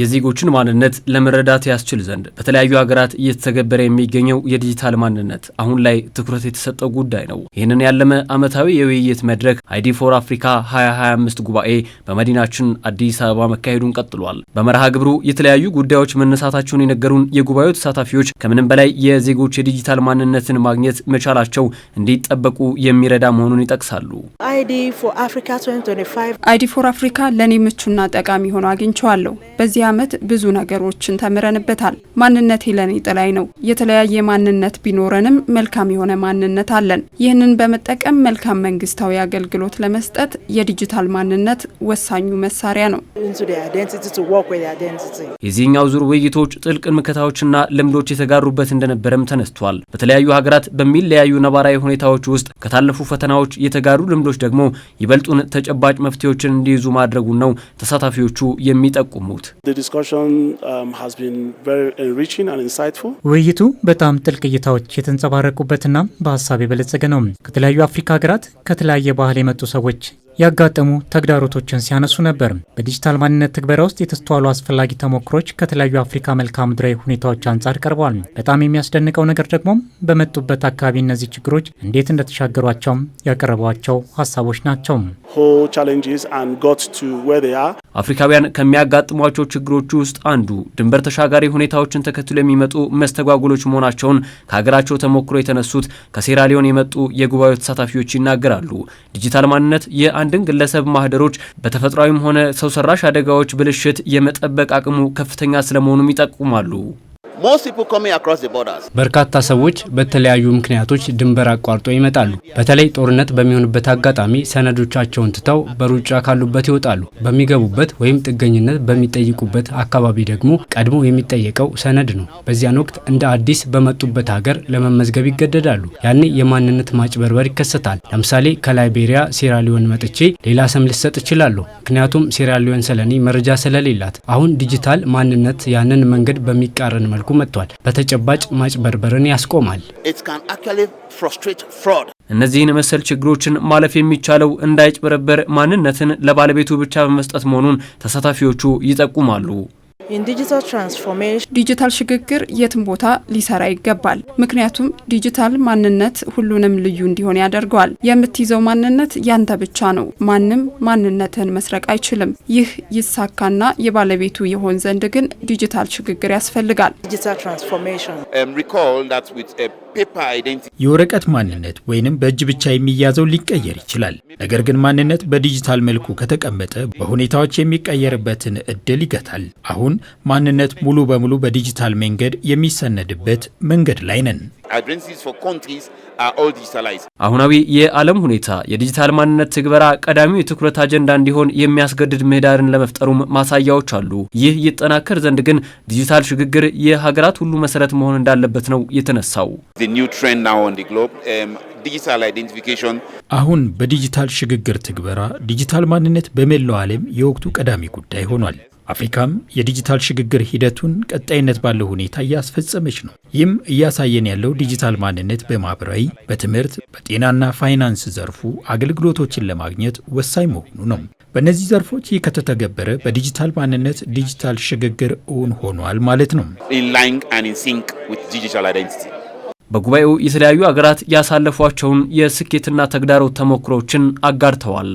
የዜጎችን ማንነት ለመረዳት ያስችል ዘንድ በተለያዩ ሀገራት እየተተገበረ የሚገኘው የዲጂታል ማንነት አሁን ላይ ትኩረት የተሰጠው ጉዳይ ነው። ይህንን ያለመ ዓመታዊ የውይይት መድረክ አይዲ ፎር አፍሪካ 2025 ጉባኤ በመዲናችን አዲስ አበባ መካሄዱን ቀጥሏል። በመርሃ ግብሩ የተለያዩ ጉዳዮች መነሳታቸውን የነገሩን የጉባኤው ተሳታፊዎች ከምንም በላይ የዜጎች የዲጂታል ማንነትን ማግኘት መቻላቸው እንዲጠበቁ የሚረዳ መሆኑን ይጠቅሳሉ። አይዲ ፎር አፍሪካ ለእኔ ምቹና ጠቃሚ ሆኖ አግኝቸዋለሁ በዚህ በዚህ ዓመት ብዙ ነገሮችን ተምረንበታል። ማንነት ሄለን ጥላይ ነው። የተለያየ ማንነት ቢኖረንም መልካም የሆነ ማንነት አለን። ይህንን በመጠቀም መልካም መንግስታዊ አገልግሎት ለመስጠት የዲጂታል ማንነት ወሳኙ መሳሪያ ነው። የዚህኛው ዙር ውይይቶች ጥልቅ ምከታዎችና ልምዶች የተጋሩበት እንደነበረም ተነስቷል። በተለያዩ ሀገራት በሚለያዩ ነባራዊ ሁኔታዎች ውስጥ ከታለፉ ፈተናዎች የተጋሩ ልምዶች ደግሞ ይበልጡን ተጨባጭ መፍትሄዎችን እንዲይዙ ማድረጉን ነው ተሳታፊዎቹ የሚጠቁሙት። Um, ውይይቱ በጣም ጥልቅ እይታዎች የተንጸባረቁበትና በሀሳብ የበለጸገ ነው። ከተለያዩ አፍሪካ ሀገራት ከተለያየ ባህል የመጡ ሰዎች ያጋጠሙ ተግዳሮቶችን ሲያነሱ ነበር። በዲጂታል ማንነት ትግበራ ውስጥ የተስተዋሉ አስፈላጊ ተሞክሮች ከተለያዩ አፍሪካ መልክዓ ምድራዊ ሁኔታዎች አንጻር ቀርበዋል። በጣም የሚያስደንቀው ነገር ደግሞ በመጡበት አካባቢ እነዚህ ችግሮች እንዴት እንደተሻገሯቸው ያቀረቧቸው ሀሳቦች ናቸው። አፍሪካውያን ከሚያጋጥሟቸው ችግሮች ውስጥ አንዱ ድንበር ተሻጋሪ ሁኔታዎችን ተከትሎ የሚመጡ መስተጓጉሎች መሆናቸውን ከሀገራቸው ተሞክሮ የተነሱት ከሴራሊዮን የመጡ የጉባኤው ተሳታፊዎች ይናገራሉ። ዲጂታል ማንነት የአንድን ግለሰብ ማህደሮች በተፈጥሯዊም ሆነ ሰው ሰራሽ አደጋዎች ብልሽት የመጠበቅ አቅሙ ከፍተኛ ስለመሆኑም ይጠቁማሉ። በርካታ ሰዎች በተለያዩ ምክንያቶች ድንበር አቋርጦ ይመጣሉ። በተለይ ጦርነት በሚሆንበት አጋጣሚ ሰነዶቻቸውን ትተው በሩጫ ካሉበት ይወጣሉ። በሚገቡበት ወይም ጥገኝነት በሚጠይቁበት አካባቢ ደግሞ ቀድሞ የሚጠየቀው ሰነድ ነው። በዚያን ወቅት እንደ አዲስ በመጡበት ሀገር ለመመዝገብ ይገደዳሉ። ያኔ የማንነት ማጭበርበር ይከሰታል። ለምሳሌ ከላይቤሪያ ሴራሊዮን መጥቼ ሌላ ስም ልሰጥ እችላለሁ። ምክንያቱም ሴራሊዮን ስለኔ መረጃ ስለሌላት። አሁን ዲጂታል ማንነት ያንን መንገድ በሚቃረን መልኩ መጥቷል። በተጨባጭ ማጭበርበርን ያስቆማል። እነዚህን መሰል ችግሮችን ማለፍ የሚቻለው እንዳይጭበረበር ማንነትን ለባለቤቱ ብቻ በመስጠት መሆኑን ተሳታፊዎቹ ይጠቁማሉ። ዲጂታል ሽግግር የትም ቦታ ሊሰራ ይገባል። ምክንያቱም ዲጂታል ማንነት ሁሉንም ልዩ እንዲሆን ያደርገዋል። የምትይዘው ማንነት ያንተ ብቻ ነው። ማንም ማንነትህን መስረቅ አይችልም። ይህ ይሳካና የባለቤቱ የሆን ዘንድ ግን ዲጂታል ሽግግር ያስፈልጋል። የወረቀት ማንነት ወይንም በእጅ ብቻ የሚያዘው ሊቀየር ይችላል። ነገር ግን ማንነት በዲጂታል መልኩ ከተቀመጠ በሁኔታዎች የሚቀየርበትን እድል ይገታል። አሁን ማንነት ሙሉ በሙሉ በዲጂታል መንገድ የሚሰነድበት መንገድ ላይ ነን። አሁናዊ የዓለም ሁኔታ የዲጂታል ማንነት ትግበራ ቀዳሚው የትኩረት አጀንዳ እንዲሆን የሚያስገድድ ምህዳርን ለመፍጠሩም ማሳያዎች አሉ። ይህ ይጠናከር ዘንድ ግን ዲጂታል ሽግግር የሀገራት ሁሉ መሰረት መሆን እንዳለበት ነው የተነሳው። ዲጂታል አይዴንቲፊኬሽን አሁን በዲጂታል ሽግግር ትግበራ ዲጂታል ማንነት በመላው ዓለም የወቅቱ ቀዳሚ ጉዳይ ሆኗል። አፍሪካም የዲጂታል ሽግግር ሂደቱን ቀጣይነት ባለው ሁኔታ እያስፈጸመች ነው። ይህም እያሳየን ያለው ዲጂታል ማንነት በማህበራዊ፣ በትምህርት፣ በጤናና ፋይናንስ ዘርፉ አገልግሎቶችን ለማግኘት ወሳኝ መሆኑ ነው። በእነዚህ ዘርፎች ይህ ከተተገበረ በዲጂታል ማንነት ዲጂታል ሽግግር እውን ሆኗል ማለት ነው። ኢን ላይን አንድ ኢን ሲንክ ዊዝ ዲጂታል በጉባኤው የተለያዩ አገራት ያሳለፏቸውን የስኬትና ተግዳሮት ተሞክሮችን አጋርተዋል።